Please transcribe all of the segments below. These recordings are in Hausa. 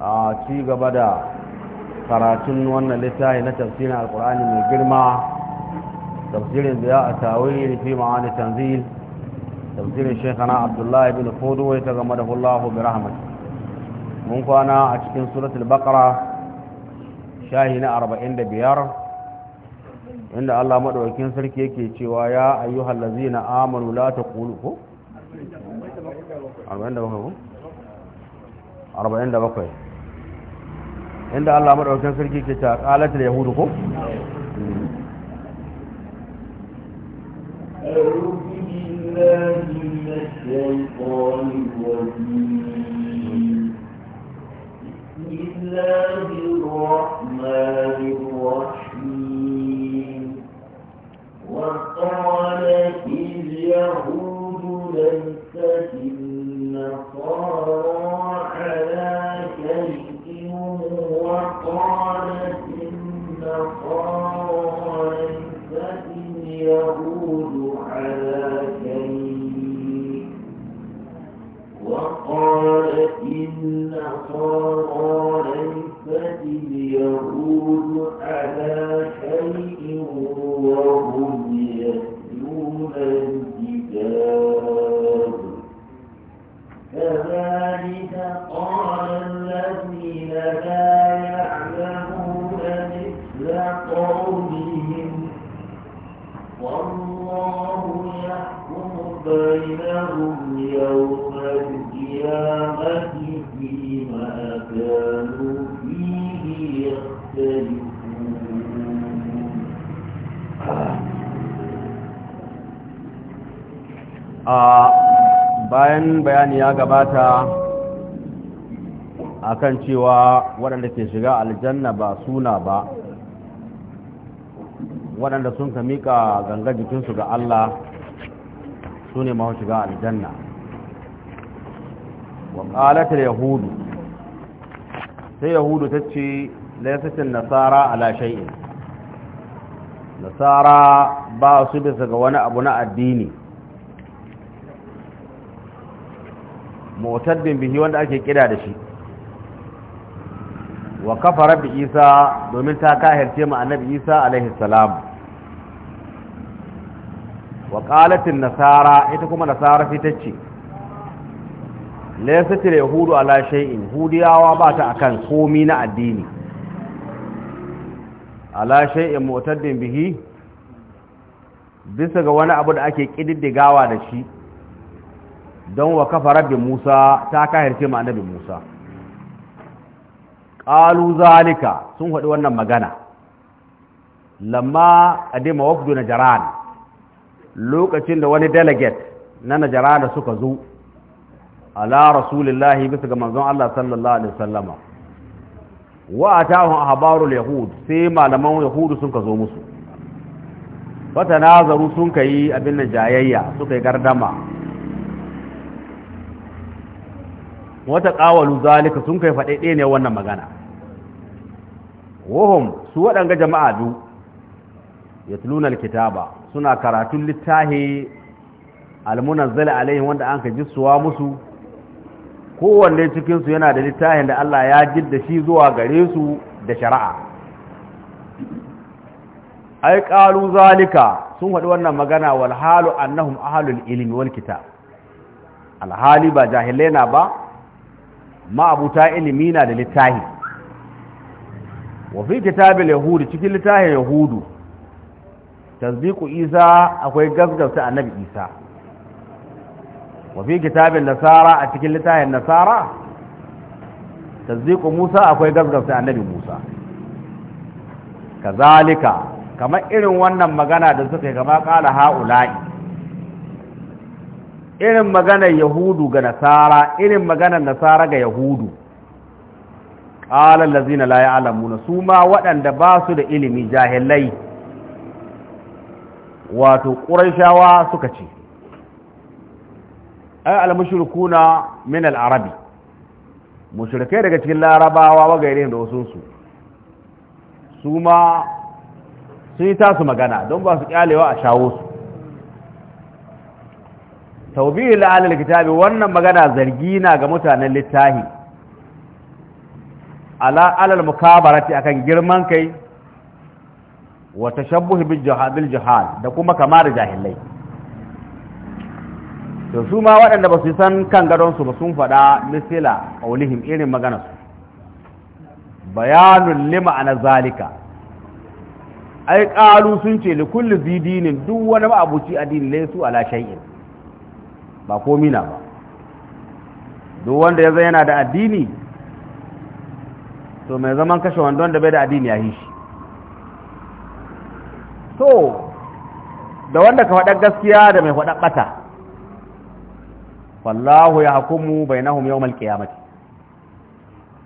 a ci gaba da karatun wannan littafi na tafsirin alkur'ani mai girma tafsirin da ya a tawiri fi ma'ani tanzil tafsirin shekana abdullahi bin fudu wai ta game da hullahu bi rahmat mun kwana a cikin suratul baqara shahi na 45 inda Allah madaukakin sarki yake cewa ya ayyuhal ladzina amanu la taqulu ko 47 47 inda Allah madaukakin sarki ke ta qalatul yahudu ko وقالت اليهود ليست على كلمة وقالت إن ليست اليهود على كلمة ya gabata akan cewa waɗanda ke shiga aljanna ba suna ba waɗanda sun ka miƙa ganga jikinsu ga Allah su ne mahu shiga aljanna wa ƙalatar yahudu sai yahudu ta ce laisacin nasara ala shai'in nasara ba su bisa ga wani abu na addini mutaddin bihi wanda ake kira da shi wa kafara bi isa domin ta kahirce mu annabi isa alaihi salam wa an nasara ita kuma nasara fitacce til yahudu ala shay'in hudiyawa ba ta akan komi na addini ala shay'in mutaddin bihi bisa ga wani abu da ake kididdigawa da shi don wa kafa rabin musa ta kahirce ma annabin musa ƙalu zalika sun faɗi wannan magana lamma adima wafdu na jaran lokacin da wani delegate na najara da suka zo ala rasulillahi bisa ga manzon Allah sallallahu alaihi wasallama wa a ahbarul yahud sai malaman yahudu sun ka zo musu fatanazaru sun yi abin najayayya suka yi gardama wata ƙawalu zalika sun kai faɗaɗe ne wannan magana wahum su waɗanga jama'a du ya tulunar kitaba suna karatun littahi almunazzala alaihi wanda an ka jissuwa musu kowanne cikinsu yana da littahin da Allah ya jidda shi zuwa gare su da shari'a ai ƙalu zalika sun faɗi wannan magana wal halu annahum ahlul ilmi wal kitab alhali ba jahilai na ba ma'abuta ilimi na da littahi wa fi Yahudu, yahudi cikin littahin yahudu Tasbiku isa akwai gasgasta annabi isa wa fi kitabin nasara a cikin littahin nasara tasbiku musa akwai gasgasta annabi musa kazalika kamar irin wannan magana da suka yi kama kala ha'ula'i irin maganar yahudu ga nasara irin maganar nasara ga yahudu ƙalar lazina la alamuna su ma waɗanda ba su da ilimi jahilai wato ƙuraishawa suka ce ai almushrikuna min al'arabi, arabi mushrikai daga cikin larabawa wa da wasunsu su ma sun yi tasu magana don ba su kyalewa a shawo su tawbihi la alal kitabi wannan magana zargi na ga mutanen littahi ala alal mukabarati akan girman kai wa tashabbuh bil jahal jahal da kuma kamar da jahilai to su ma waɗanda ba su san kan gadon su ba sun faɗa misila aulihim irin magana su bayanun lima ana zalika ai qalu sun ce li kulli zidinin duk wani abuci addini laysu ala shay'in ba komi ba duk wanda ya yana da addini to mai zaman kashe wanda wanda bai da addini ya yi shi to da wanda ka faɗa gaskiya da mai faɗa ɓata wallahu ya hukumu bai na humyau malkiyamati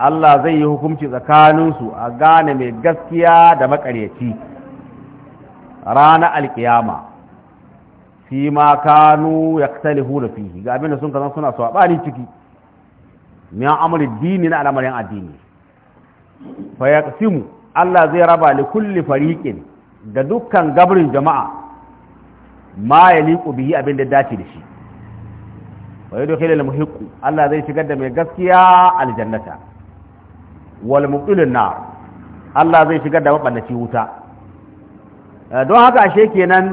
Allah zai yi hukumci tsakaninsu a gane mai gaskiya da makaryaci ranar alkiyama fi ma kanu yaktalihuna fihi ga abinda sun kazan suna sabani ciki min amri dini na al'amarin addini fa ya yaqsimu Allah zai raba li kulli fariqin da dukkan gabrin jama'a ma liku bihi abinda dace da shi wa yadkhilu da muhiq Allah zai shigar da mai gaskiya aljannata wal mubtilun nar Allah zai shigar da maballaci wuta eh, don haka ashe kenan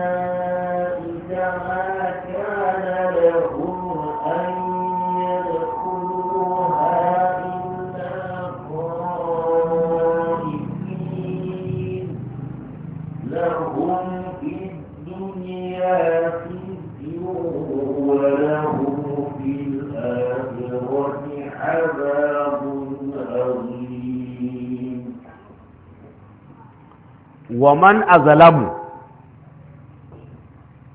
wa man azalamu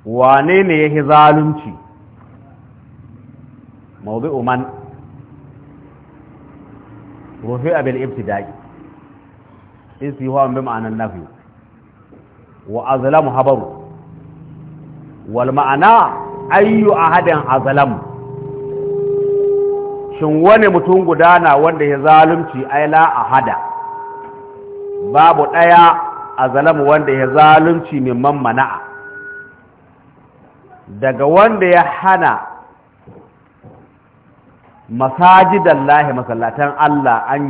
wane ne ya zalunci mawdu'u man rufi abin ibtida'i istiwa bi ma'anan nafi wa azalamu habaru wal ma'ana ayyu ahadin azalamu. shin wani mutum gudana wanda ya zalunci ai la ahada babu daya azalamu wanda ya zalunci mimman mana'a daga wanda ya hana masajidan lahi masallatan Allah an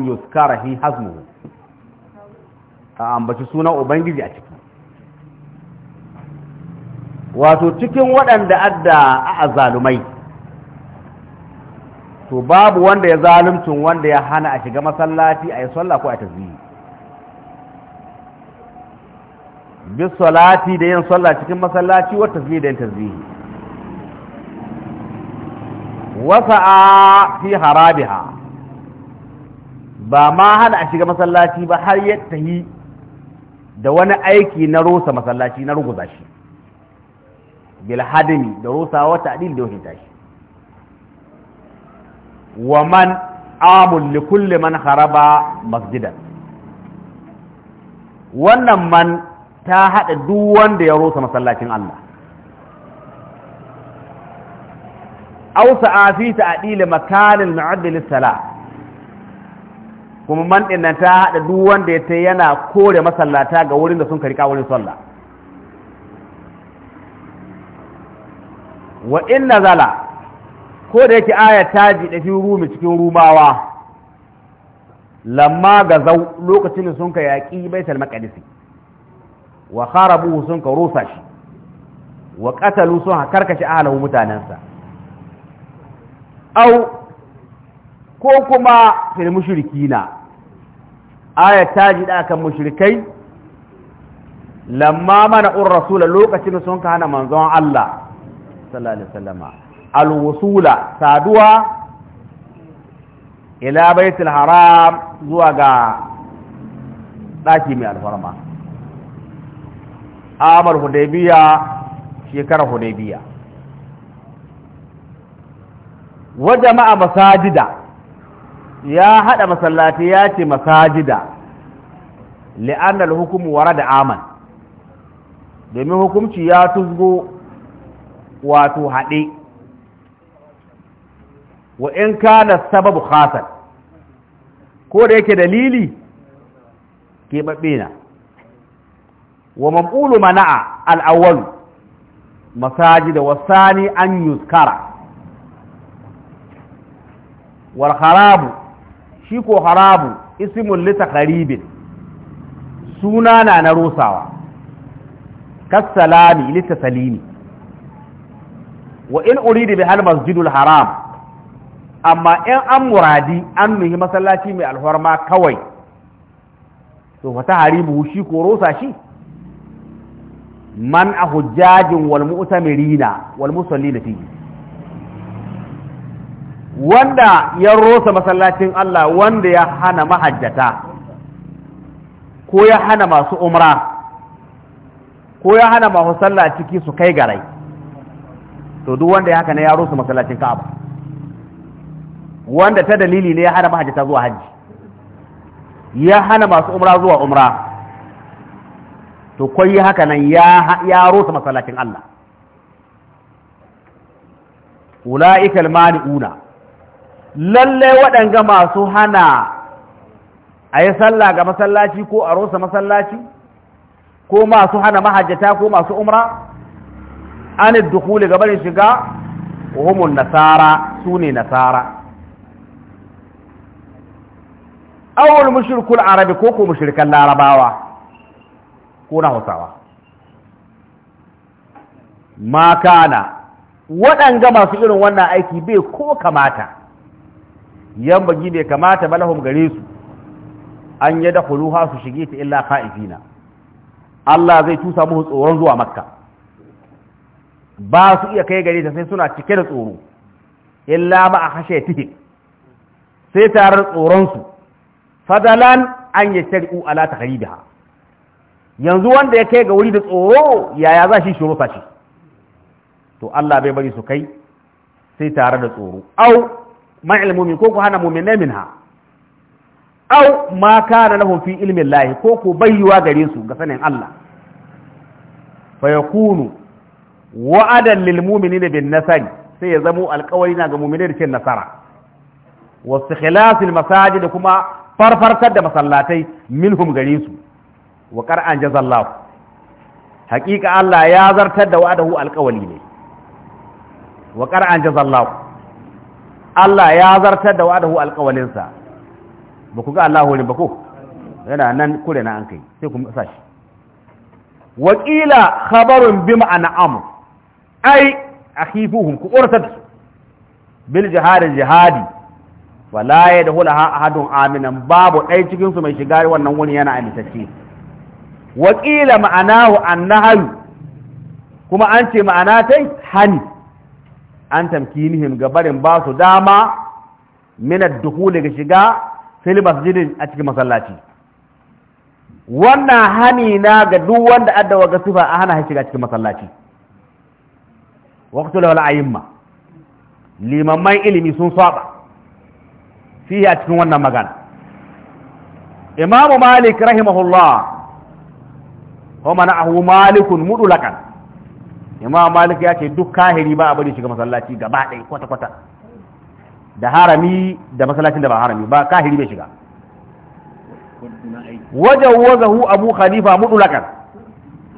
hi hasmuhu a ambaci sunan ubangiji a ciki wato cikin waɗanda adda a zalumai to babu wanda ya zalumcin wanda ya hana a shiga masallaci a yi sallah ko a tazini bis salati da yin sallah cikin masallaci wa tasbih da yin tasbih sa'a fi harabiha ba ma hana a shiga masallaci ba har ya tahi da wani aiki na rusa masallaci na ruguza shi bil hadimi da rusa wa ta'dil da wahin tashi wa man amul li kulli man haraba masjidan wannan man ta haɗa duk wanda ya rusa masallacin Allah a fi ta ta'dil makalin ma'adilin sala kuma man ɗin nan ta haɗa duk wanda ya ta yana kore masallata ga wurin da sun karika wurin sallah wa in nazala ko da yake aya ta ji da rumi cikin rumawa lamma ga zau lokacin da sun ka yaƙi bai salma maqdisi wa kharabuhu sun ka rusa shi wa qatalu sun karkashi ahlahu mutanansa au ko kuma fil mushrikina aya ta ji da kan mushrikai lamma mana ur rasula lokacin sun ka hana manzon Allah sallallahu alaihi wasallama al wusula saduwa ila baitul haram zuwa ga daki mai alfarma amar hudaybiya shekarar hudaybiya wa jama'a masajida ya hada masallati ya ce masajida li'an al-hukm warada aman domin hukumci ya tuzgo wato hade wa in kana sababu khasan ko da yake dalili babbe na ومفعول منع الأول مساجد والثاني أن يذكر والخراب شيكو خراب اسم لتقريب سونانا نروسا كالسلام لتسليم وإن أريد بها المسجد الحرام أما إن أمرادي أنه مسلاتي من الحرمة كوي سوف تحريبه شيكو روسا شيكو man a hujjajin wal mu'tamirina wal musallina fihi wanda ya rosa masallacin Allah wanda ya hana mahajjata ko ya hana masu umra ko ya hana masu sallah ciki su kai garai to duk wanda ya haka ne ya rosa masallacin Ka'aba wanda ta dalili ne ya hana mahajjata zuwa hajji ya hana masu umra zuwa umra to koyi haka nan ya rusa masallacin Allah ulaika almaniuna lalle waɗanga masu hana a yi sallah ga masallaci ko a rusa masallaci ko masu hana mahajjata ko masu umra an dukuli gaban shiga humun nasara su ne nasara awul mushrikul arabi ko ko mushrikan larabawa ko na hausawa ma kana waɗanga masu irin wannan aiki bai ko kamata yan bagi bai kamata balahum gare su an yi da kuluha su shige ta illa ka'ifina Allah zai tusa musu tsoron zuwa makka ba su iya kai gare ta sai suna cike da tsoro illa ma a hashe tihi sai tarar tsoronsu fadalan an yi shari'u ala ta haribiha yanzu wanda ya kai ga wuri da tsoro yaya za shi shuru fashi to Allah bai bari su kai sai tare da tsoro au ma ilmumi ko ku hana mu'minai minha au ma kana lahum fi ilmi Allah ko ku bayyuwa gare su ga sanin Allah fa yakunu wa'adan lil mu'minina bin nasar sai ya zamo alkawari na ga mu'minai da cin nasara wasu khilasil masajid kuma farfartar da masallatai minhum gare su wa qar'an jazallahu haqiqa Allah ya zartar da wa'adahu alƙawali ne wa qar'an jazallahu Allah ya zartar da wa'adahu alqawlin sa ba ku ga Allahu ne ba ko yana nan kure na an kai sai ku sa shi wa qila khabarun bima an'am ai a akhifuhum ku urtat bil jihadin jihadi wala ya da hulaha ahadun aminan babu ɗaya cikinsu mai shiga wannan wuni yana amintacce waƙila ma'anahu annahalu, kuma an ce ma'ana tai hani an tamkinihim ga barin ba su dama minar duhu daga shiga fil masjidin a cikin masallaci wannan hani na ga duk wanda addawa ga sifa a hana shiga cikin masallaci waqtu lawal ayyimma limamman ilimi sun saba fiye a cikin wannan magana imamu malik rahimahullah wa ahu malikun mudulakan imam malik ya ce duk kahiri ba a bari shiga masallaci gaba ɗaya kwata kwata da harami da masallacin da ba harami ba kahiri bai shiga wajen wazahu abu hanifa mudulakan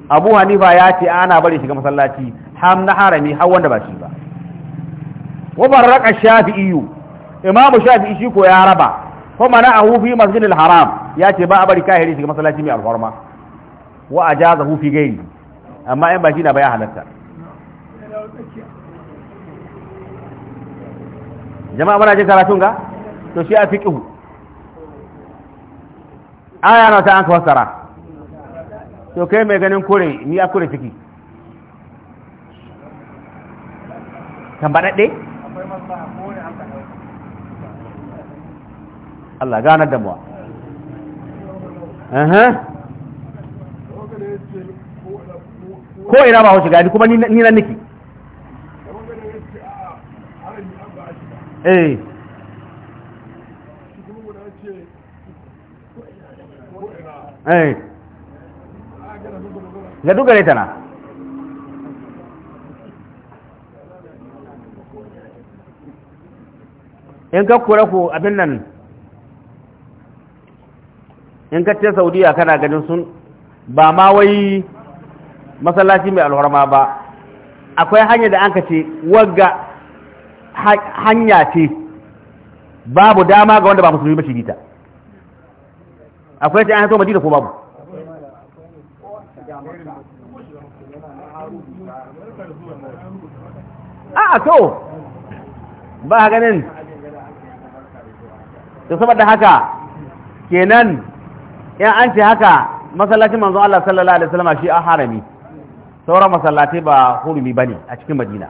abu hanifa ya ce ana bari shiga masallaci ham na harami har wanda ba shi ba wa barraka shafi'iyu imam shafi'i shi ko ya raba kuma na ahu fi masjidil haram ya ce ba a bari kahiri shiga masallaci mai alfarma wa a ja zahu fi gairi amma in baki na baya halatta jama'a mana je karatun ga to shi a fiqhu aya na ta an ka fassara to kai mai ganin kore ni a kore ciki daɗe? Allah ganar da mu ko ina ba shiga ni kuma ni nan niki eh eh ga ne tana in ka kura ku abin nan in ka ce saudiya kana ganin sun ba ma wai masallaci mai alhorma ba akwai hanya da an ka ce wagga hanya ce babu dama ga wanda ba musulmi ba shi akwai ta an hato madina ko babu a to ba ganin to saboda haka kenan in an ce haka masallacin manzo Allah sallallahu alaihi wasallam shi a harami sauran masallatai ba hurumi ba ne a cikin madina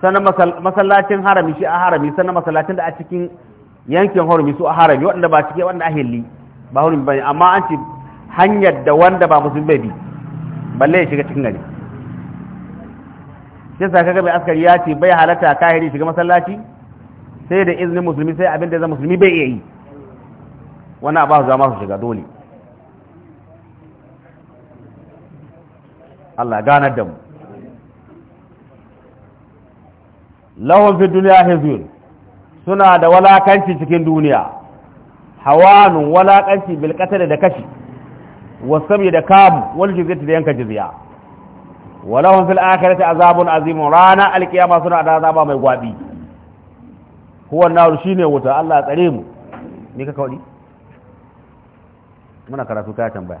sannan masallacin harami shi a harami sannan masallacin da a cikin yankin hurumi su a harami waɗanda ba cike wanda a hilli ba hurumi ba ne amma an ce hanyar da wanda ba musulmi bai bi balle ya shiga cikin gari shi sa kaga mai askari ya ce bai halatta kahiri shiga masallaci sai da izinin musulmi sai abin da ya zama musulmi bai iya yi wannan abu za ma su shiga dole Allah ganar da mu lahun fi duniya hizun suna da walakanci cikin duniya hawanun walakanci bilkatar da kashi wasabi da kamu shi jizyati da yanka jizya walahun fil akhirati azabun azimun rana alkiyama suna da azaba mai gwabi huwa nar shine wuta Allah tsare mu ni ka kawai? muna karatu ka tambaya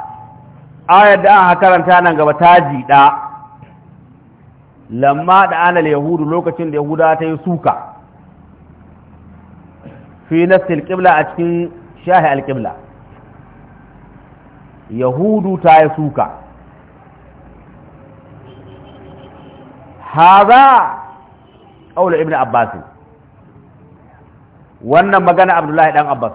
ayar da aka karanta nan gaba ta jiɗa lamma da anal yahudu lokacin da yahuda ta yi suka fi nassil qibla a cikin shahi alqibla yahudu ta yi suka haza qaul ibn abbas wannan magana abdullahi dan abbas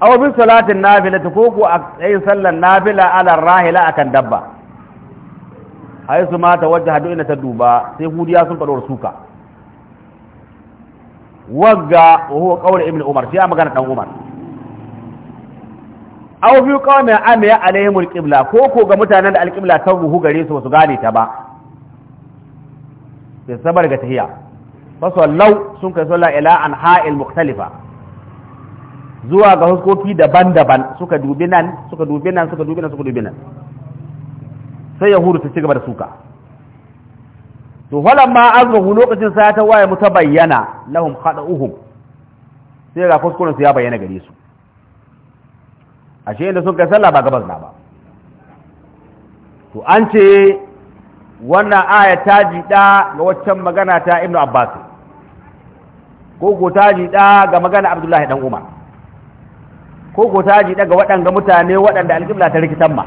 aw bi salatin nafila ta koko a tsayin sallar nafila ala rahila akan dabba ai su mata wajen hadu ina ta duba sai hudiya sun faɗo suka wagga wa huwa qawli ibn umar sai a magana dan umar aw bi qawmi amiya alaihimul qibla koko ga mutanen da alqibla ta ruhu gare su ba su gane ta ba sai sabar ga tahiya fasallau sun kai sallah ila an anha'il mukhtalifa zuwa ga huskoki daban-daban suka dubi nan suka dubi nan suka dubi nan suka dubi nan sai yahudu ta ci gaba da suka to ma azrahu lokacin sa ta waye muta bayyana lahum khada'uhum sai ga kuskuren su ya bayyana gare su ashe inda sun kai sallah ba gabas na ba to an ce wannan aya ta jida ga waccan magana ta ibnu abbas ko ko ta jiɗa ga magana abdullahi dan umar ko ko ta ji daga waɗanda mutane waɗanda alƙibla ta rikitan ma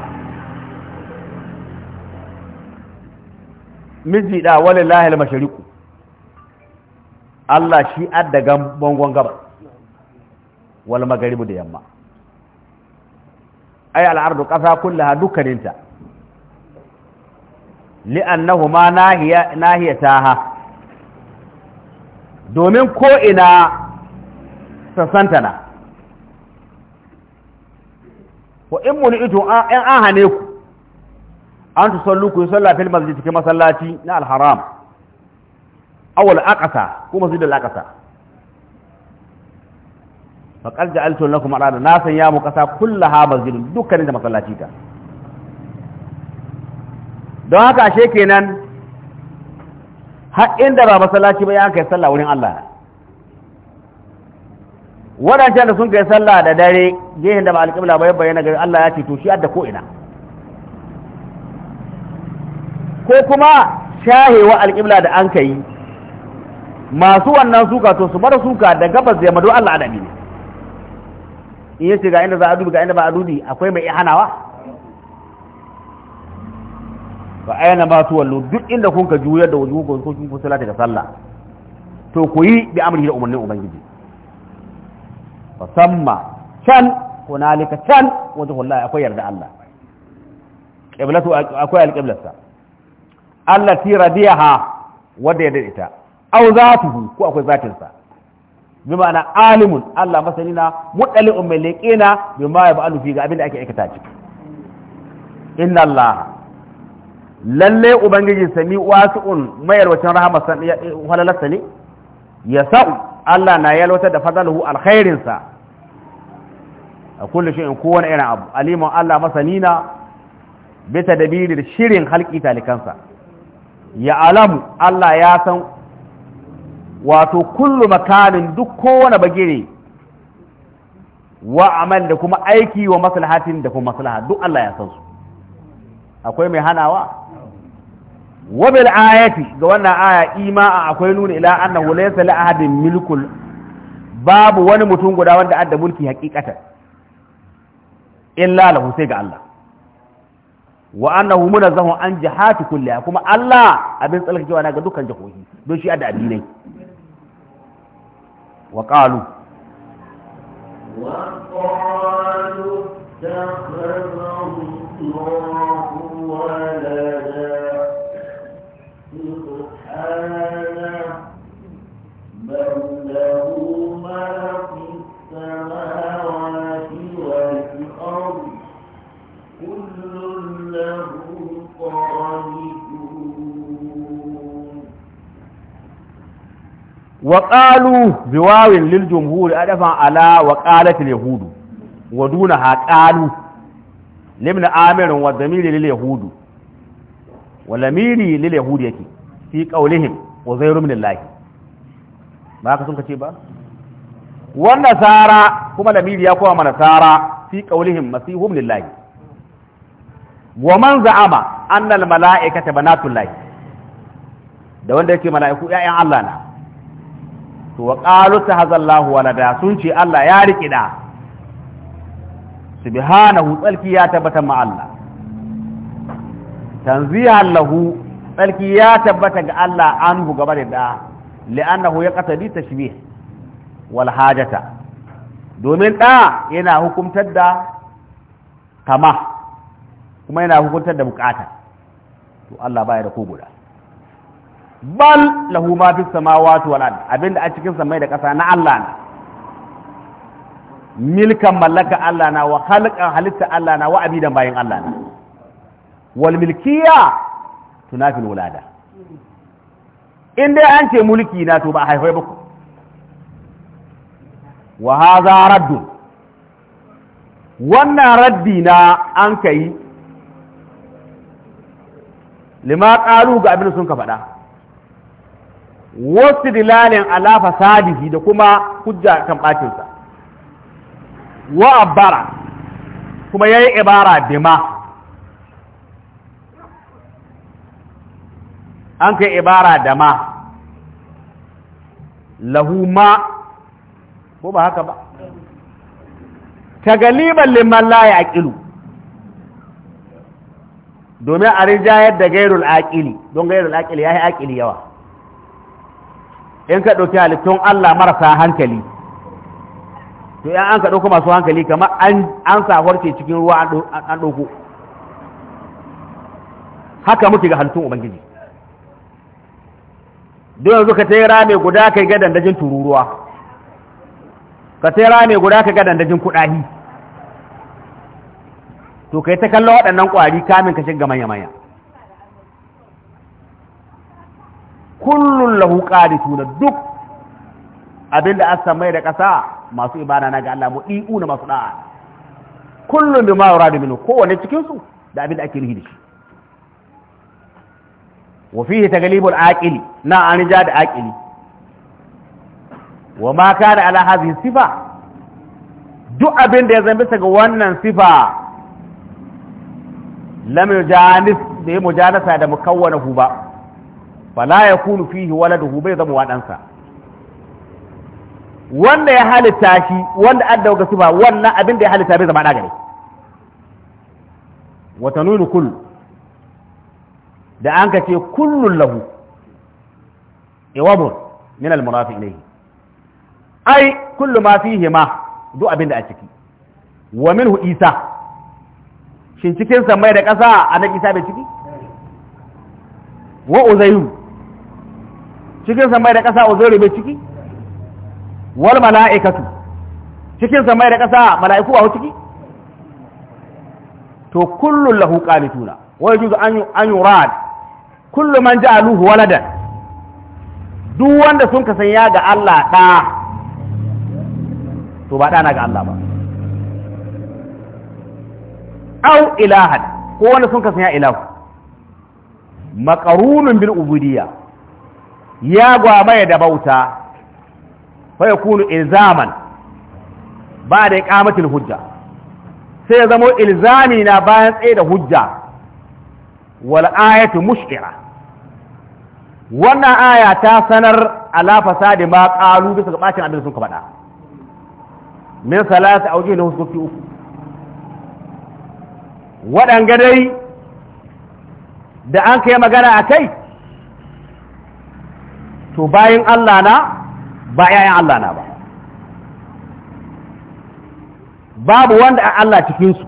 miji da wani lahil mashariku Allah shi adda gam bangon gabas wani magaribu da yamma ay al-ardu qasa kullaha dukkaninta li'annahuma nahiya ha domin ko'ina ina sassantana wa in munitu an an hane ku an tu sallu ku salla fil masjid cikin masallaci na al-haram awal aqasa ko masjid al-aqasa faqad ja'altu lakum arada na san ya muqasa kullaha masjidun dukkanin da masallaci ta don haka ashe kenan har inda ba masallaci ba ya kai sallah wurin Allah waɗancan da sun kai sallah da dare gehen da ba alƙibla ba ya bayyana gari Allah ya ceto shi adda ko'ina ko kuma shahewa alƙibla da an kai masu wannan suka to su bar suka da gabas da yamma Allah adami ne in yace ga inda za a dubi ga inda ba a dubi akwai mai ihanawa Ba aina ba su wallo duk inda kun ka juyar da wajen ko kun kun salata ga sallah to ku yi bi amri da umarnin ubangiji fasamma can hunalika can wajen wajhullahi akwai yarda Allah qiblatu akwai Allah ti allati radiyaha wadda ya dade ta au aw zatuhu ko akwai zatinsa bi ma'ana alimun Allah masani na mudali'un mai leƙe na bi ma ya ba'alu ga abin da ake aikata ciki inna Allah lalle ubangiji sami mayar mayarwacin rahama eh, halalarsa ne ya sa'u Allah na yalwatar da fadalahu alkhairinsa a kullu in kowane irin abu alimun Allah masanina bi tadbirir shirin halki talikansa ya alamu Allah ya san wato kullu makanin duk kowane bagire wa amal da kuma aiki wa maslahatin da kuma maslaha duk Allah ya san su akwai mai hanawa wa bil ayati ga wannan aya ima'a akwai nuna ila annahu laysa li ahadin milkul babu wani mutum guda wanda adda mulki hakikatan illa lahu sai ga Allah wa annahu munazzahu an jihati kulliha kuma Allah abin tsalkakewa na ga dukkan jihohi don shi da addinai wa qalu wa qalu وقالوا بواو للجمهور أدفع على وقالة اليهود ودونها قالوا لمن آمر والضمير لليهود ولميري لليهود يكي في قولهم وزير من الله ما كسنك تيبا والنسارى كما لميري يقوى من نسارى في قولهم مسيحهم لله ومن زعم أن الملائكة بنات الله ده وين ده يكي ملائكة يا الله نعم to wa qalu tahazallahu walada sun ce Allah ya riki da subhanahu tsarki ya tabbata ma Allah tanzihan lahu tsarki ya tabbata ga Allah an gaba da da li'annahu yaqtadi tashbih wal hajata domin da yana hukumtar da kama kuma yana hukuntar da bukata to Allah baya da ko guda bal lahu ma fi samawati wal ard abinda a cikin samai da ƙasa na Allah ne milkan mallaka Allah na wa khalqan halitta Allah na wa abidan bayin Allah na wal milkiya tunafil wulada in dai an ce mulki na to ba haifai ba ku wa hadha raddun wannan raddi na an kai lima qalu ga abin sun ka faɗa wasu dilalin ala fasadihi da kuma hujja kan bacinsa wa abara kuma yi ibara bima an kai ibara da ma lahu ma ko ba haka ba tagaliban liman la yaqilu domin a rijayar da gairul aqili don gairul aqili yayi aqili yawa in ka ɗauki halittun Allah marasa hankali to in an ka ɗauko masu hankali kamar an safarce cikin ruwa an ɗauko haka muke ga halittun ubangiji don yanzu ka tera mai guda kai ga dandajin tururuwa ka tera mai guda kai ga dandajin kuɗahi to kai ta kallon waɗannan ƙwari kamin ka shiga manya-manya kullun lahu tunan duk abinda aka mai da ƙasa masu ibada na ga Allah mu di'u na masu da'a kullun bima yuradu minhu kowanne cikin su da abinda ake rihi da shi wa fihi taglibul aqili na an ja da aqili wa ma kana ala hadhihi sifa duk abinda ya zama bisa ga wannan sifa lam yujanis da mu mujanasa da mukawwanahu ba fala ya kunu fihi waladuhu bai zama waɗansa wanda ya halitta shi wanda adda ga sifa wannan abin da ya halitta bai zama ɗa gare wa nunu kull da an ka ce kullun lahu iwabun min al ilayhi ai kullu ma fihi ma duk abin da a ciki wa minhu isa shin cikin mai da ƙasa a na isa bai ciki wa uzayru. cikin samai da ƙasa uzairu bai ciki wal mala'ikatu cikin samai da ƙasa mala'iku ba ciki to kullun lahu qanituna wa yajuzu an an yurad kullu man ja'aluhu waladan duk wanda sun kasan ya ga Allah ɗa to ba ɗana ga Allah ba au ilahan ko wanda sun kasan ya ilahu maqarunun bil ya ya da bauta fa yakunu ilzaman ba da iqamatul hujja sai ya zama ilzami na bayan tsaye da hujja wal ayatu mushkira wannan aya ta sanar ala fasadi ma qalu bisa ga bacin abin sun ka bada min salati auji da hukuki uku waɗanga dai da an kai magana a kai to bayan Allah na ba ‘ya'yan Allah na ba babu wanda a Allah cikinsu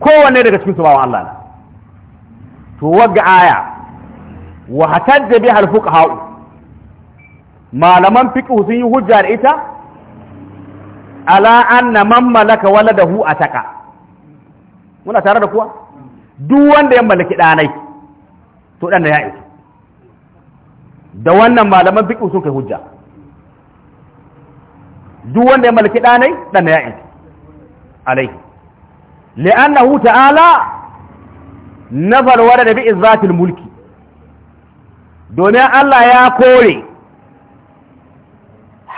kowanne daga cikinsu wa Allah na to wagga aya wa hatar da bihar fuka ha'u malaman fiƙi sun yi hujja da ita ala anna man malaka waladahu ataka muna tare da kuwa duk wanda ya mallaki ɗanai to ɗan da ya isa da wannan malaman fiqh sun kai hujja duk wanda ya malaki ɗanai ɗan ya yanki alaihi li'annahu ta'ala nafar wada da zatin zatil mulki domin Allah ya kore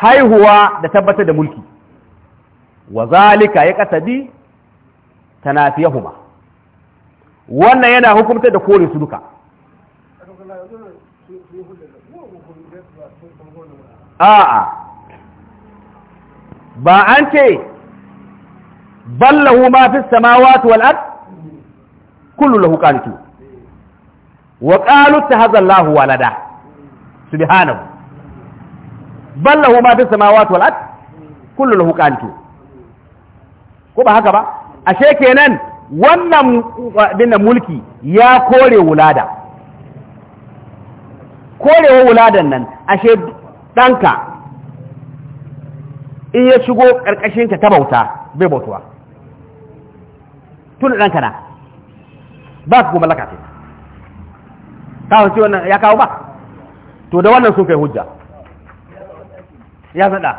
haihuwa da tabbatar da mulki wa zalika ya kasabi tanafiyahuma wannan yana hukumta da kore su duka a'a ba an ce ballahu ma fi samawati wal ard kullu lahu qanitu wa qalu tahazza Allah walada subhanahu ballahu ma fi samawati wal ard kullu lahu qanitu ko ba haka ba ashe kenan wannan dinnan mulki ya kore wulada korewa wuladan nan ashe ɗanka in ya shigo ƙarƙashinka ta bauta bai bautuwa tun ɗanka na ba su kuma lakata ta hanci wannan ya kawo ba to da wannan sun kai hujja ya zaɗa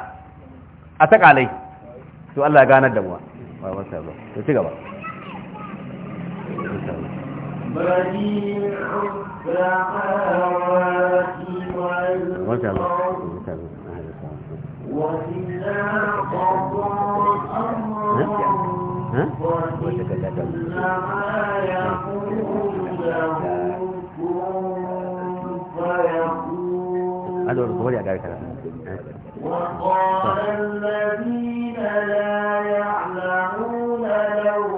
a ta ƙalai to Allah ya ganar da muwa to ci gaba بديع السماوات والأرض وإلى قضاء أمرا وإنما يقول له كن فيكون وقال الذين لا يعلمون لو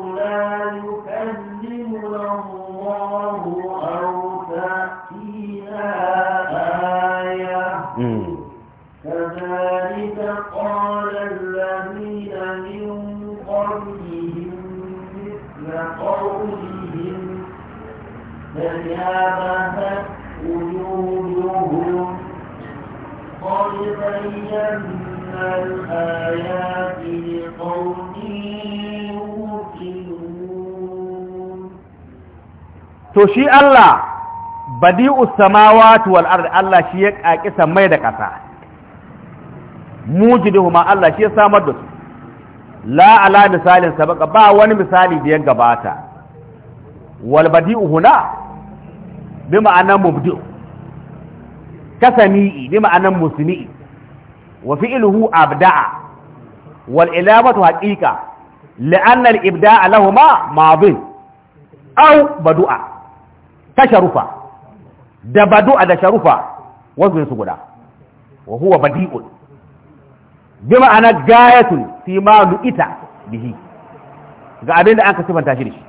قال الذين من قبلهم مثل قولهم قد بينا الآيات لقوم To shi Allah, badi'us samawati wal ard Allah shi ya ƙaƙi sammai da ƙasa. mujiduhuma Allah shi ya samar da su la ala misalin sabaka ba wani misali da ya gabata wal badi'u huna bi ma'anan mubdi'u kasani'i bi ma'ana musni'i wa fi'luhu abda'a wal ilamatu haqiqa لأن الإبداع لهما ماض أو بدوء تشرفا ده بدوء ده شرفا وزن سجدا وهو بديء bi ma'ana gayatun fi ma nu'ita bihi ga abin da an ka sifanta shi da shi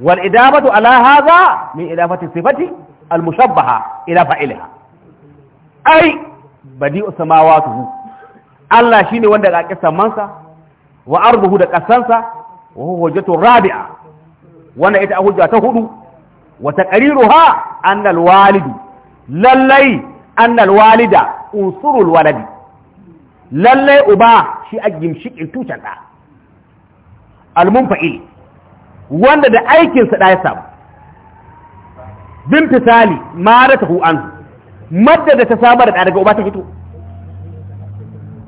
wal idabatu ala hadha min idafati sifati al mushabbaha ila fa'ilaha ai badi'u samawatuhu Allah shine wanda ga mansa wa arduhu da kasansa wa huwa rabi'a wannan ita hujja ta hudu wa taqriruha anna al walidu lallai anna al walida unsurul waladi lallai uba shi a gimshikin tushen ɗa almunfa'il wanda da aikinsa ɗa ya samu bin fisali ma da ta hu'an madda da ta samar da daga uba ta fito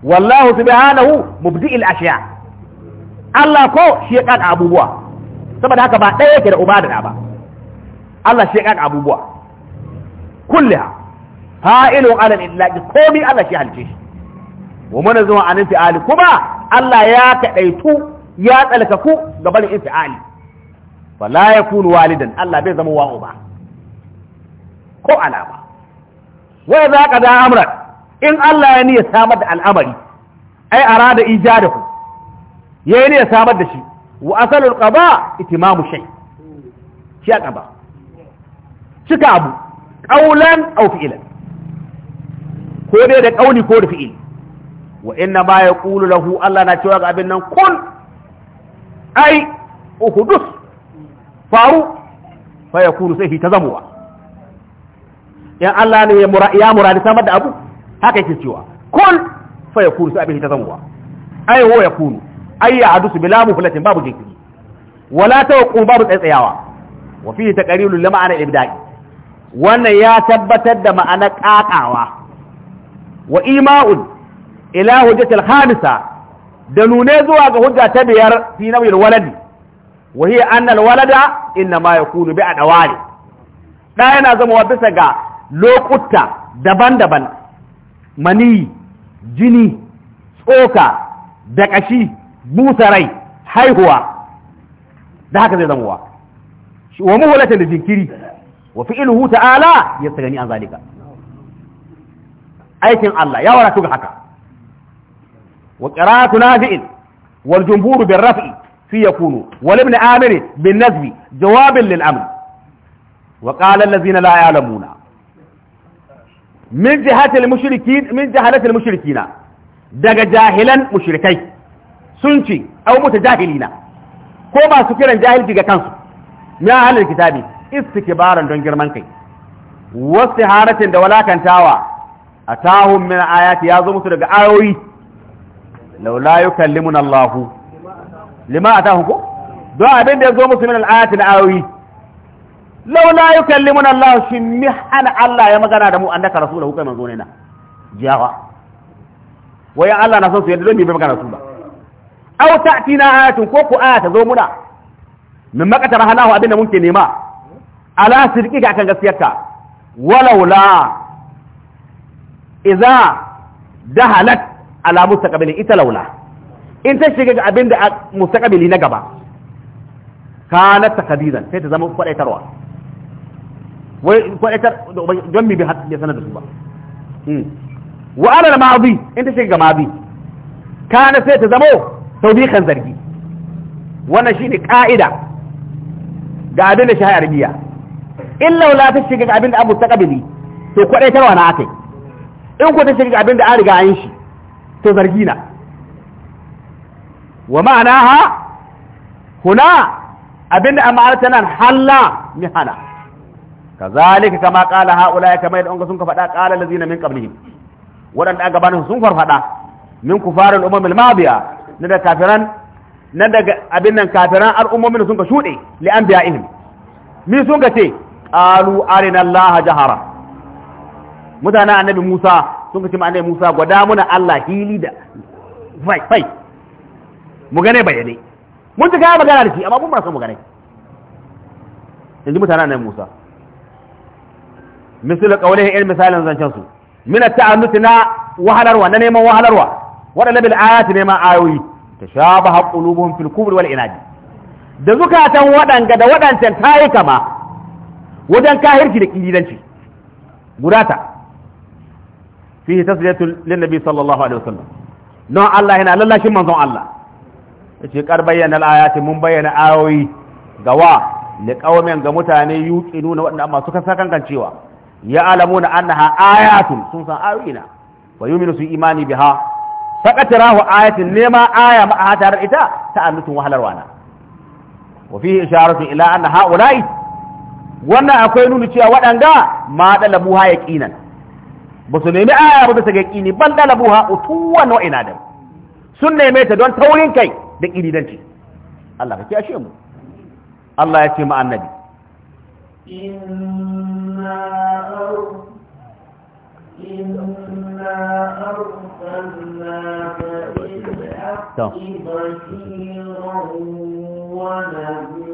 wallahu subhanahu mubdi'il ashiya Allah ko shi ya kada abubuwa saboda haka ba ɗaya yake da uba da ba Allah shi ya kada abubuwa kulliha fa'ilun ala al-illaqi komi Allah shi halice shi wa mana zuwa an fi'ali kuma Allah ya kadaitu ya tsalkaku ga barin infi'ali fala yakunu walidan Allah bai zama wa ba. ko alama wa za ka amran in Allah ya niyya samar da al'amari ai arada ijadahu yayi niyya samar da shi wa asalul qada itimamu shay shi qada cika abu qawlan aw fi'lan ko dai da kauli ko da fi'ili wa inna ma ya ƙulu lahu Allah na cewa ga abin nan kun ai uhudus faru fa ya kulu sai ta zamuwa in Allah ne ya muradi samar da abu haka yake cewa kun fa ya kulu sai abin ta zamuwa ai wo ya kulu ai ya hadusu bila muflatin babu jinkiri wala tawaqqu babu tsayawa wa fihi taqrilul lama'ana ibda'i wannan ya tabbatar da ma'anar ƙaƙawa wa ima'un ila hujjatul khamisa da nune zuwa ga hujja ta biyar fi nabil waladi wa hiya anna al walada inna ma yakunu bi adawali da yana zama wa bisa ga lokuta daban-daban mani jini tsoka da kashi busarai haihuwa da haka zai zama wa wa muhlatin da jinkiri wa fi'luhu ta'ala yastagani an zalika aikin Allah ya waratu ga haka وقراءة نافع والجمهور بالرفع في يكون والابن عامر بالنسب جوابا للأمر وقال الذين لا يعلمون من جهة المشركين من جهلة المشركين daga jahilan mushrikai sun ce au jahilina ko ba su kiran jahilci ga kansu ya halar kitabi istikbaran don girman kai wasu haratin da walakantawa a tahun min ayati ya zo musu daga ayoyi laula yukallimuna Allah lima atahu ko don abin da ya zo musu min al'ayati na ayoyi laula yukallimuna Allah shi mi hana Allah ya magana da mu annaka rasulahu kai manzo ne na jawa waya Allah na son su yadda don mi bai magana su ba aw ta'tina ayatun ko ku aya ta zo muna min makata rahalahu abin da mun ke nema ala sirki ka kan gaskiyarka walaula idza dahalat ala mustaqbali ita laula in ta shiga ga abin da mustaqbali na gaba kana takadiran sai ta zama kwadaitarwa wai kwadaitar don mi bi sanar da su ba hmm. wa ala ma'adi in ta shiga ga ma'adi kana sai ta zama tawbikan zargi wannan shine ka'ida ga abin da shahayar biya in laula ta shiga ga abin da abu taqabili to kwadaitarwa na akai in ku ta shiga ga abin da an riga an shi to zargi na wa ma'ana ha huna abinda amma tana nan halla mihana kazalika kama qala haula kama yadda sun ka faɗa qala lazina min qablihim waɗanda an gabanin sun farfada min kufarin umamil madiya na da kafiran na daga abin nan kafiran al'ummomin sun ka shuɗe li an biya ihim mi sun ka ce qalu arina jahara mutanen annabi musa sun kace ma'anai Musa gwada muna Allah hili da fai fai mu gane bayanai mun ji ga magana da shi amma mun ba san mu gane yanzu mutanen nan Musa misali kaulihin irin misalin zancen su min at-ta'annut na wahalarwa na neman wahalarwa wadanda bil ayati neman ayoyi tashabaha qulubuhum fil kubri wal inadi da zukatan waɗanga da ta tayi kama wajen kahirci da kilidanci gudata fihi tasliyatu lin nabi sallallahu alaihi wasallam don Allah yana lallashin manzon Allah yace kar bayyana al-ayati mun bayyana ayoyi ga wa li qaumin ga mutane yuqinuna wanda amma suka sakankan cewa ya alamuna annaha ayatun sun san ayoyina wa yu'minu su imani biha faqatirahu ayatin nema aya ma a tare ita ta'annutun wahalarwa na wa fihi isharatu ila anna haula'i wannan akwai nuna cewa waɗanda ma dalabu ha ba su nemi aya ba bisa ga kini ban dalabuha utuwan wa inadan sun neme ta don taurin kai da kiridanci Allah ka kiyashe mu Allah ya ce ma annabi inna inna arsalnaka bil haqqi bashiran wa nadhira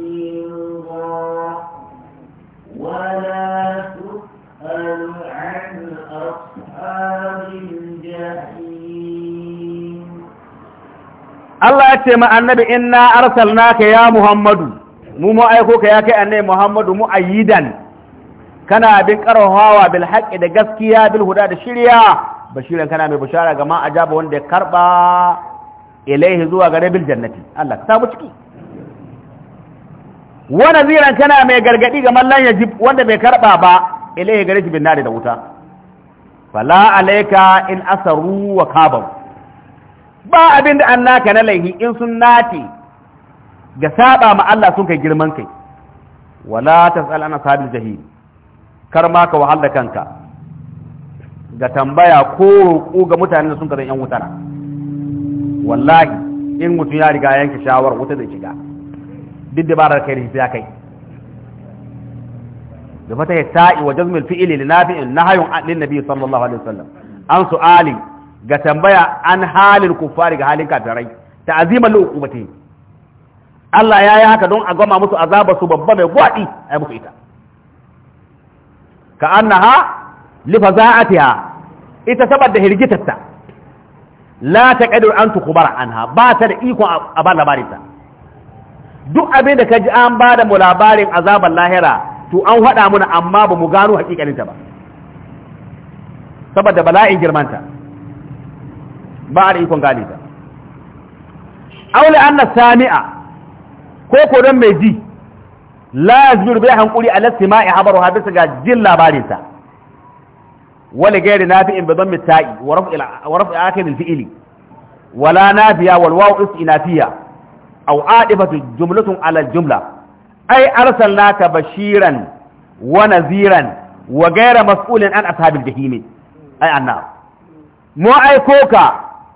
Allah ya ce ma annabi inna arsalnaka ya Muhammadu mu mu aiko ka ya kai annabi Muhammadu mu ayidan. kana bin karhawa bil haqqi da gaskiya bil huda da shirya bashiran kana mai bishara ga ma ajaba wanda ya karba ilaihi zuwa ga rabil jannati Allah ka samu ciki wa naziran kana mai gargadi ga mallan yajib wanda bai karba ba ilaihi gare shi bin nari da wuta fala alayka in asaru wa kabaru ba abin da an naka na laihi in sun nace ga saba ma Allah sun kai girman kai wala tasal an ashabil jahil kar ma ka wahala kanka ga tambaya ko roƙo ga mutanen da sun ka zan yan wutana wallahi in mutum ya riga yanke shawara wuta zai shiga duk da barar kai da ya kai da fata ya ta'i wa jazmul fi'li li nafi'in nahyun an nabi sallallahu alaihi wasallam an su'ali ga tambaya an halin kuffari ga halin kafirai ta'aziman li uqubati Allah ya yi haka don a gama musu azaba su babba mai gwadi ai musu ita ka annaha li tiya. ita saboda hirgitarta la taqadir an an ha, ba ta da iko a ba labarinta. duk abin da ji an ba da mu labarin azaban lahira to an faɗa muna amma ba mu gano hakikanin ba saboda bala'in girmanta ba a da ikon gane ta aule an na sami'a ko ko don mai ji la yazmiru bai hankuri ala sima'i habaru ha bisa ga jin labarin sa wala gairi nafi'in bi dhammi ta'i wa raf'i wa raf'i akhir al-fi'li wala na nafiya wal wawu istinafiya a adifatu jumlatun ala jumla ai ay ka bashiran wa naziran wa gaira mas'ulin an ashabil jahim ay annar mu aiko ka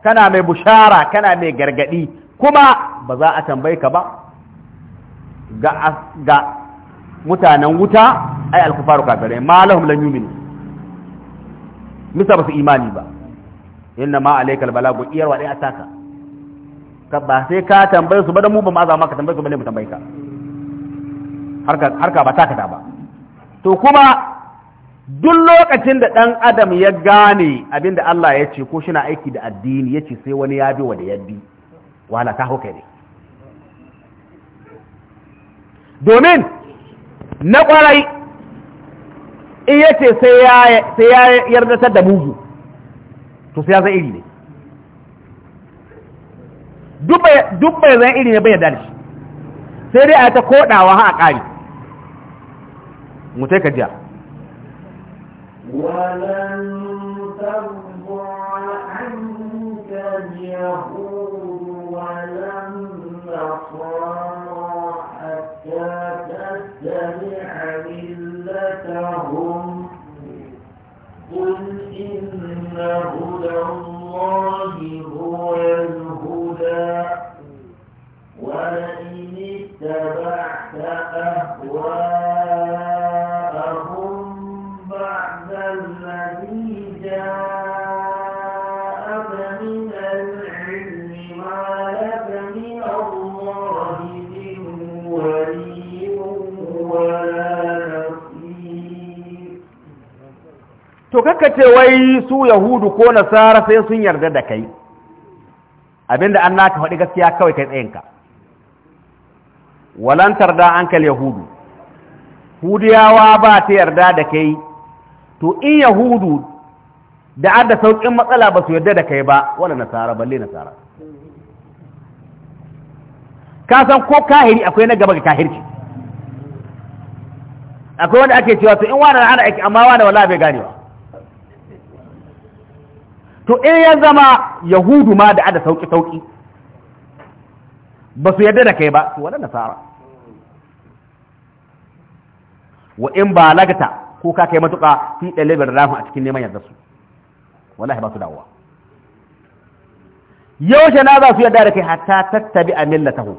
kana mai bushara kana mai gargadi kuma ba za a tambaye ka ba ga mutanen wuta ai alkufaru kafirai ma lahum lan yu'minu misa ba su imani ba inna ma alaikal balagu iyar wadai ataka ka ba sai ka tambaye su ba da mu ba ma za ma ka tambaye su ba ne mu tambaye ka harka harka ba taka ta ba to kuma duk lokacin da ɗan adam ya gane abin da Allah ya ce ko shina aiki da addini ya ce sai wani ya bi wa da ya bi wala ta hukai ne domin na ƙwarai in ya ce sai ya yardatar da mugu to sai ya zai iri ne duk bai zai iri ne bai yarda da shi sai dai a ta koɗawa ha a ƙari mutai ka jiya ولن ترضى kaka ce wai su yahudu ko nasara sai sun yarda da kai abinda an naka faɗi gaskiya kawai kai tsayinka walantar da kal yahudu hudiyawa ba ta yarda da kai to in yahudu da adda sauƙin matsala ba su yarda da kai ba wala nasara balle nasara ka san ko kahiri akwai na gaba ga kahirci akwai wanda ake cewa to in wani ana aiki amma wani wala bai ganewa to in eh, ya zama yahudu ma da ada sauki sauki ba su yadda da kai ba su wala nasara wa in ba lagata ko ka kai matuƙa fi ɗalibar rahu a cikin neman yadda su wallahi ba su dawowa yaushe na za su yarda da kai hatta tattabi a millatahu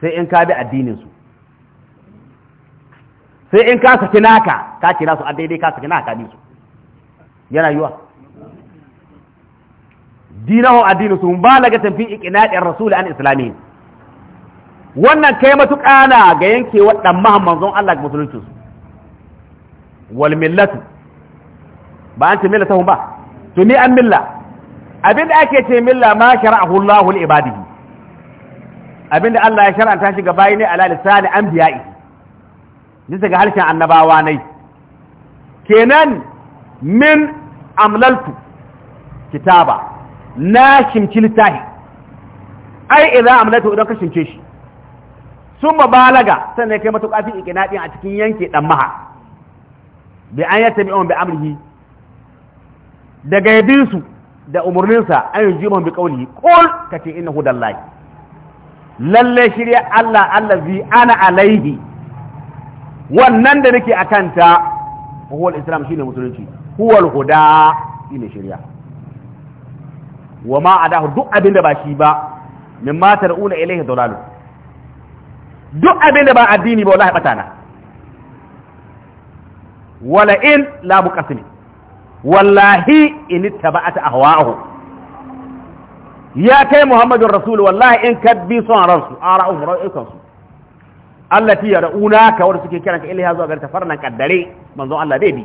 sai in ka bi addinin su sai in ka saki naka ka kira su a daidai ka saki naka ka bi su yana yiwa addini dinahu addinu su mubalagatan fi iqna'ir rasul an islami wannan kai matuƙa na ga yankewa dan manzon Allah ga musulunci su wal millatu ba an ce millatahum ba to ni an milla abinda ake ce milla ma shara'ahu Allahu li ibadihi abinda Allah ya shar'anta shi ga bayi ne ala an biya bisa ga harshen annabawa nai kenan min amlaltu kitaba na shimci littafi ai idan amlatu idan ka shimce shi sun mabalaga sannan kai matuƙa fi iqnadin a cikin yanke ɗan maha bi an yattabi'un bi amrihi daga Da su da umarninsa an yi jimon bi ka ce ina hudan layi. lalle shirya Allah Allah zi ana alaihi wannan da nake a kanta, huwal islam shine musulunci huwal huda shine shirya wa ma adahu duk abin da ba shi ba min ma tar'una ilayhi dalalu duk abin da ba addini ba wallahi batana wala in la buqasmi wallahi in ittaba'ata ahwa'ahu ya kai muhammadun rasul wallahi in kadbi son ransu ara'uhu ra'aykansu allati yar'una ka wanda suke kiranka ilaha zuwa ga tafarnan kaddare manzo Allah bai bi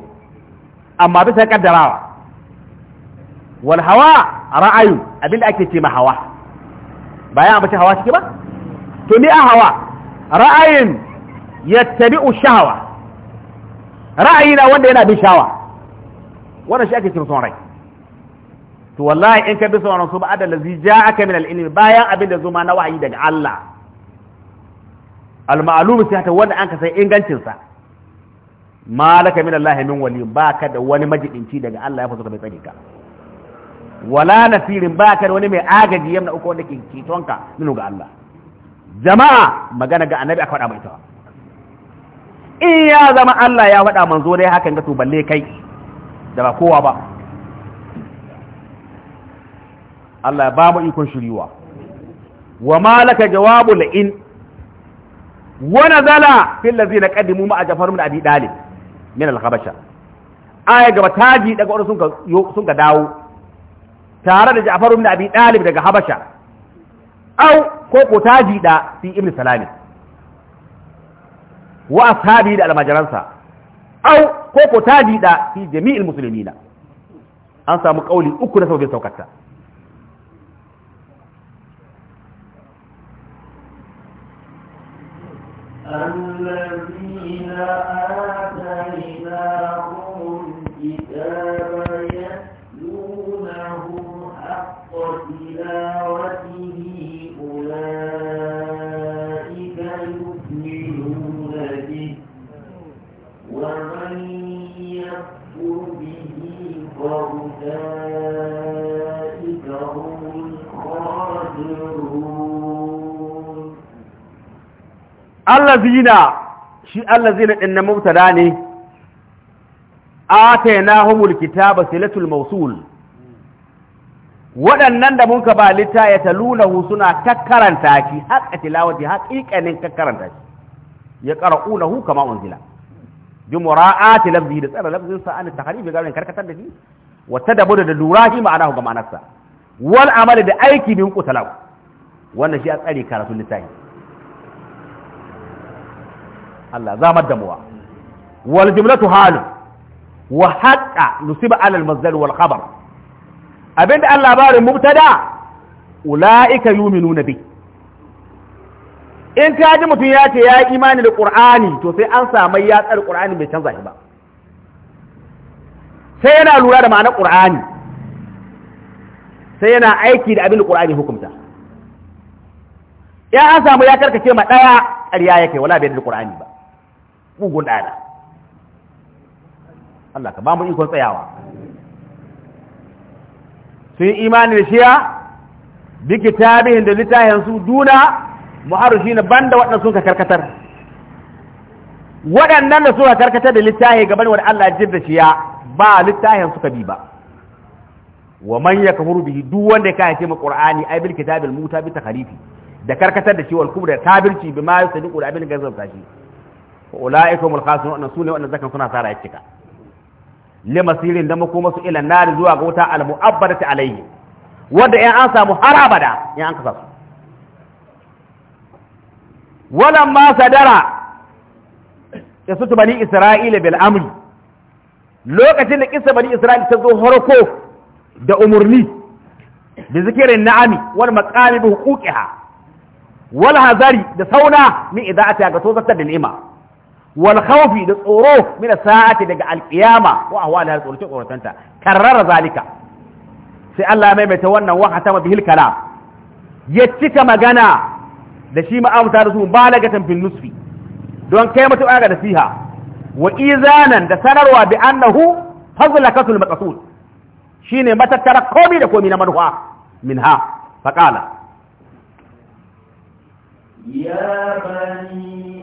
amma bisa kaddarawa wal hawa ra'ayu abinda ake ce ma hawa bayan abace hawa ciki ba to ni a hawa ra'ayin yattabi'u shawa ra'ayi na wanda yana bin shawa wannan shi ake ce son rai to wallahi in ka bi sauran su ba adal ladzi ja'aka min al-ilmi bayan abin da zuma na wahayi daga Allah al-ma'lum sai ta wanda an ka sai ingancin sa malaka min Allah min wali ka da wani majibinci daga Allah ya fito ka bai tsare ka wala nasirin ba ka wani mai agaji yamna uku wanda ke cetonka nuna ga Allah jama'a magana ga annabi aka faɗa mai tawa in ya zama Allah ya faɗa manzo dai hakan ga to balle kai da ba kowa ba Allah ba mu ikon shiriwa wa malaka jawabu la'in wa nazala fil ladina qaddimu ma ajfar min abi dalib min al-habasha aya gaba taji daga wani sun ka dawo tare da Ja'far ibn Abi Talib daga Habasha au ko ko taji da fi ibn Salami wa ashabi da almajiransa au ko ko taji da fi jami'il muslimina an samu kauli uku na sauke saukarta الذين آتيناهم الكتاب وتلاوته أولئك يؤمنون به ومن يكفر به فأولئك هم الخاسرون الذين شيء الذين إن مبتلاني آتيناهم الكتاب سلة الموصول waɗannan da mun ka ba litta ya talunahu suna ta kakkaranta shi haƙa tilawati haƙiƙanin kakkaranta shi ya qara'unahu kama unzila bi mura'ati lafzi da tsara lafzin sa an tahrif ga karkatar da shi wa tadabbur da lurahi ma'anahu ga ma'anarsa wal amal da aiki bin qutalau wannan shi a tsari karatu littafi Allah zamar da muwa wal jumlatu halu wa haqqa nusiba ala mazdar wal khabar abinda an labarin mubtada ula'ika nuna bi in ka ji mutum ya ce ya yi imani da ƙur'ani to sai an samu ya tsar ƙur'ani bai canza shi ba sai yana lura da ma'anar ƙur'ani, sai yana aiki da abin da ƙur'ani hukumta ya an samu ya karkace ma ɗaya ƙarya yake wala bai da ƙur'ani ba bugun ɗaya Allah ka ba mu ikon tsayawa sun yi imanin da shiya bi kitabihin da littafin su duna muharushi na banda waɗanda suka karkatar waɗannan da suka karkatar da littafi gaban wani Allah ya da shiya ba littafin suka bi ba wa man yakfuru bihi duk wanda ya kace ma qur'ani ai bil kitabil muta bi takhalifi da karkatar da shi wal kubra kafirci bi ma yusadiqu da abin gazzabta shi ulaikumul khasirun wannan sune wannan zakan suna sara ya limasirin da makoma su ila nari zuwa ga wuta almu'abbadati alayhi wanda in an samu har abada in an kasa su walan ma sadara ya sutu bani isra'ila bil amri lokacin da kisa bani isra'ila ta zo harko da umurni da zikirin na'ami wal maqami bi huquqiha wal hazari da sauna min ida'ati ga tozarta da ni'ima wal khawfi da tsoro min sa'ati daga alqiyama wa ahwali har tsoro tsorotanta karrara zalika sai Allah ya maimaita wannan wa hatama bihil kalam ya cika magana da shi ma'amuta da su balagatan fil nusfi don kai mutum ga nasiha wa izanan da sanarwa bi annahu fazlakatul maqsud shine matattara komai da komai na manufa minha faqala ya bani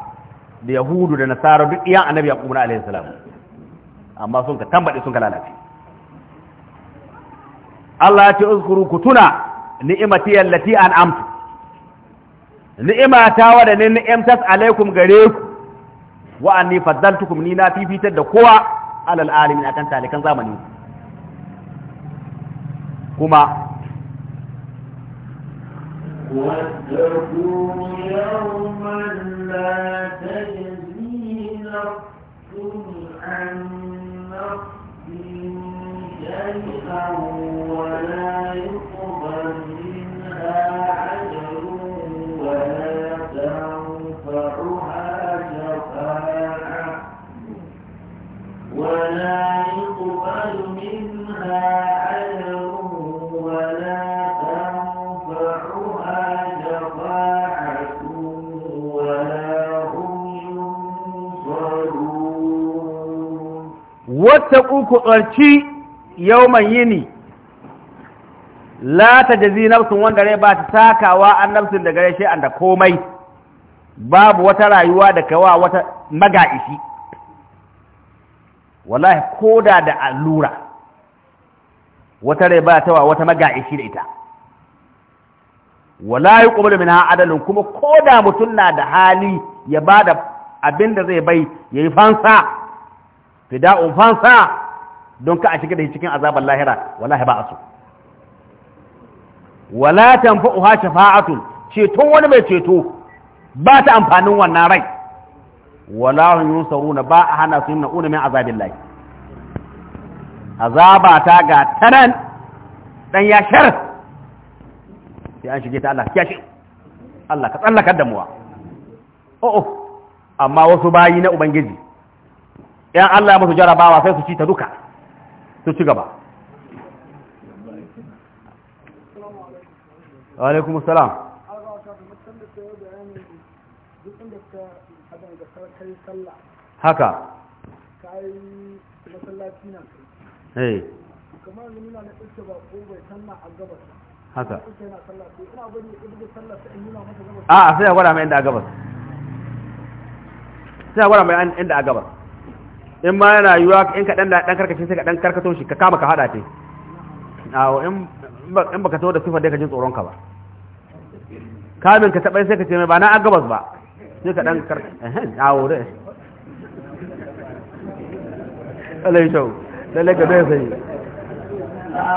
da yahudu da nasara duk iya annabi yaqub na alaihi salam amma sun ka tambade sun ka lalace Allah ya ce uzkuru kutuna ni'imati allati an'amtu ni'ima ta wada ne ni'imtas alaikum gare ku wa anni faddaltukum ni na fifitar da kowa alal alamin akan talikan zamanin kuma واتقوا يوما لا تجزي نفس عن نفس شيئا ولا يؤمن wata ku tsarci yawman yini la ta jazi nafsun wanda rai ba ta takawa an nafsun da gare shi da komai babu wata rayuwa da kawa wata maga'ishi wallahi koda da allura wata rai ba ta wa wata maga'ishi da ita wala yuqbalu minha adalun kuma koda mutum na da hali ya bada abinda zai bai yayi fansa fida'un fansa don ka a shiga da cikin azabar lahira wallahi ba asu wala tanfa'uha shafa'atun ceto wani mai ceto ba ta amfanin wannan rai wala hum yunsaruna ba a hana su yumna'una min azabillahi azaba ta ga tanan dan ya shar sai an shige ta Allah ya shi Allah ka tsallakar da muwa oh, oh amma wasu bayi na ubangiji yan Allah ya musu jarabawa sai su ci ta duka su ci gaba alaikum salam haka hey. Eh. haka a sai ya gwada mai inda a gabas sai ya gwada mai inda a gabas in ma yana yiwuwa in ka dan karkace sai ka ɗan karkato shi ka kama ka haɗa te in ba ka da sifar dai ka jin tsoron ka ba kamin ka taɓa sai ka ce mai ba na agabas ba sai ka ɗan karkace awo dai shau lalle ka dai sai a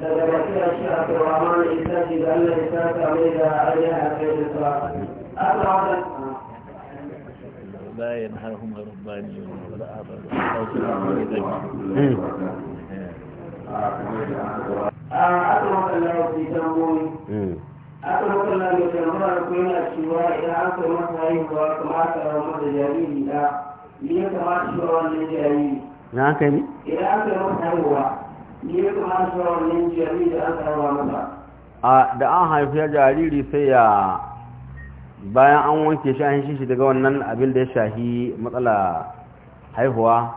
da daga shi a tsoron mana isa shi da allah ya da a bayan har kuma rubani yau da wani ya aka yi da aka yi aka yi da aka yi da aka yi da aka yi da aka yi aka yi da aka da aka yi da aka yi da aka yi da aka yi da aka yi da aka yi da aka yi da aka yi da aka da aka yi da da aka yi da aka yi da bayan an wanke shi an shi daga wannan abin da ya shahi matsala haihuwa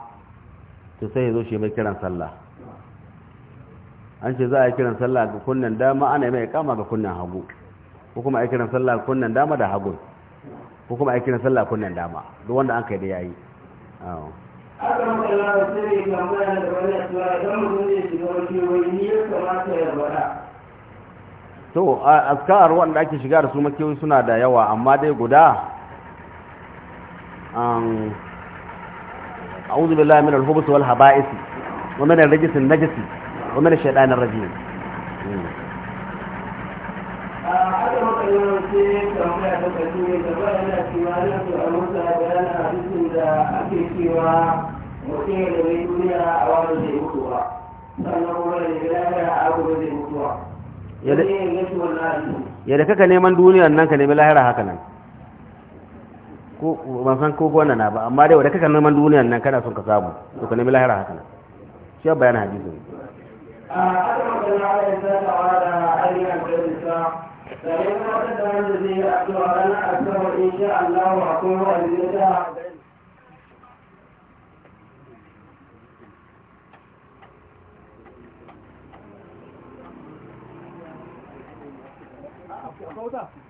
to sai ya zo shi mai kiran sallah an ce za a yi kiran sallah ga kunnen dama ana yi mai kama ga kunnen hagu ko kuma a yi kiran sallah ga kunnen dama da hagu ko kuma a yi kiran sallah kunnen dama duk wanda an kai da yayi aka maka lawa sai ya kamata da wani asuwa don mutum zai shiga wani wani ya kamata ya bada to azkar wanda ake shiga da su makiyoyi suna da yawa amma dai guda an um, a'udhu billahi minal hubus wal haba'is wa minal rajis an najis wa minal shaytanir rajim mutum da mai duniya a wani zai mutuwa sannan da ya abu zai mutuwa yadda kaka neman nan ka nemi lahira haka nan ko ban san ko wannan na ba amma dai wadda kaka neman duniyan nan kana son ka samu to ka nemi lahira haka nan shi ya bayan hadisi فإن Dakota.